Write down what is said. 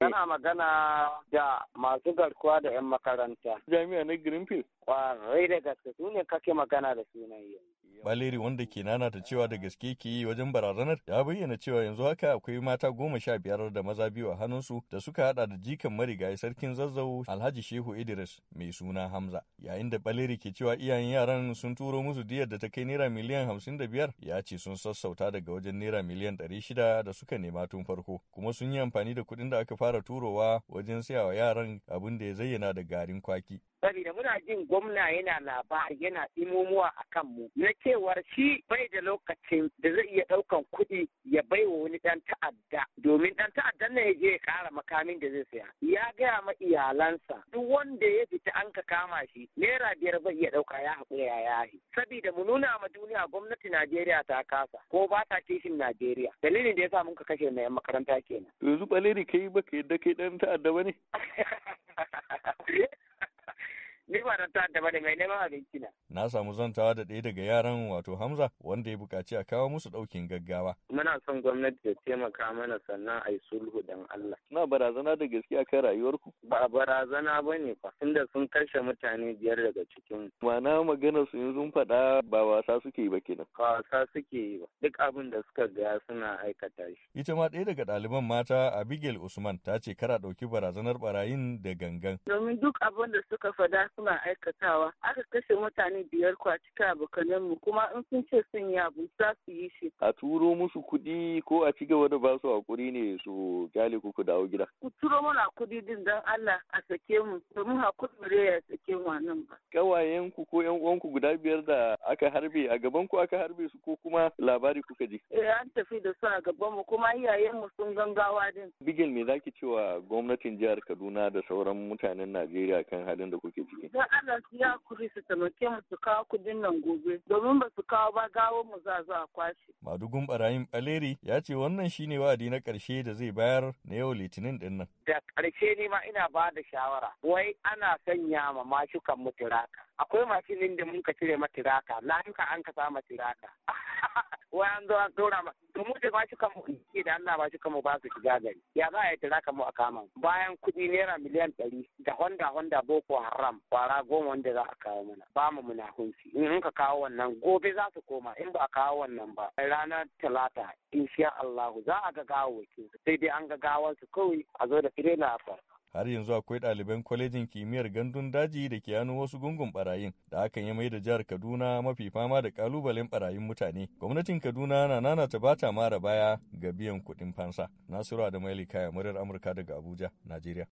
Kana magana da masu garkuwa da 'yan makaranta. Jami'a na Greenfield? Kwarai da gaske su ne kake magana da sunan yanzu. Baleri wanda ke nanata cewa da gaske ke yi wajen barazanar ya bayyana cewa yanzu haka akwai mata goma sha biyar da maza biyu a hannunsu da suka hada da jikan marigayi sarkin zazzau Alhaji Shehu Idris mai suna Hamza. Yayin da Baleri ke cewa iyayen yaran sun turo musu diyar da ta kai naira miliyan hamsin da biyar ya ce sun sassauta daga wajen naira miliyan ɗari shida da suka nema tun farko kuma sun yi amfani da kuɗin da aka fara turowa wajen sayawa yaran abin da ya zayyana da garin kwaki. saboda muna jin gwamna yana labari yana imomuwa a kan mu na cewar shi bai da lokacin da zai iya ɗaukan kuɗi ya bai wa wani ɗan ta'adda domin dan ta'addan nan ya je ya kara makamin da zai saya ya gaya ma iyalansa duk wanda ya fita an ka kama shi naira biyar bai iya ɗauka ya haƙura ya yahi saboda mu nuna ma duniya gwamnati Najeriya ta kasa ko ba ta kishin Najeriya dalilin da ya sa mun ka kashe mai makaranta kenan yanzu baleri kai ka yadda kai ɗan ta'adda ba ne mabarata daban mai neman abinci na. na samu zantawa da ɗaya daga yaran wato Hamza wanda ya buƙaci a kawo musu ɗaukin gaggawa. Muna son gwamnati ta taimaka mana sannan a yi sulhu dan Allah. Suna barazana da gaskiya kan rayuwarku? Ba barazana ba ne fa, inda sun kashe mutane biyar daga cikin. Mana magana su yanzu faɗa ba wasa suke yi ba kenan. Ba wasa suke yi ba, duk abin da suka gaya suna aikata shi. Ita ma ɗaya daga ɗaliban mata Abigail Usman ta ce kara ɗauki barazanar barayin da gangan. Domin duk abin da suka faɗa suna aikatawa, aka kashe mutane biyar kwatika a cikin mu kuma in sun ce sun yi abu za su yi shi. A turo musu kuɗi ko a ci gaba da ba hakuri ne su gyale ku ku dawo gida. Ku turo mana kuɗi din don Allah a sake mu domin hakuri ya sake mu a nan ba. ƙawayenku ko yan uwanku guda biyar da aka harbe a gaban ku aka harbe su ko kuma labari kuka ji? Eh an tafi da su a gaban mu kuma iyayenmu sun gangawa din. Bigil me zaki cewa gwamnatin jihar Kaduna da sauran mutanen Najeriya kan halin da kuke ciki? Dan Allah su ya kuri su tamake mu su kawo kudin nan gobe domin ba su kawo ba gawo mu za a kwashe. Madugun Barayin Baleri ya ce wannan shine wa'adi na karshe da zai bayar na yau Litinin din Da karshe ne ma ina ba da shawara wai ana sanya ma mashukan mutura tiraka akwai mashinin da mun ka cire ma tiraka layuka an ka sama tiraka wai an an dora ma to mu da bashi kanmu ke da Allah bashi kanmu ba su shiga gari ya za a yi tiraka mu a kama bayan kudi naira miliyan ɗari da honda honda boko haram kwara goma wanda za a kawo mana ba mu muna hunsi in ka kawo wannan gobe za su koma in ba a kawo wannan ba ranar talata insha Allahu za a ga gawo sai dai an ga gawar kawai a zo da firela a har yanzu akwai ɗaliban kwalejin kimiyyar gandun daji da ke hannun wasu gungun barayin da hakan ya mai da jihar kaduna mafi fama da ƙalubalen barayin mutane gwamnatin kaduna na nana ta bata mara baya ga biyan kuɗin fansa nasiru da maili kaya murar amurka daga abuja najeriya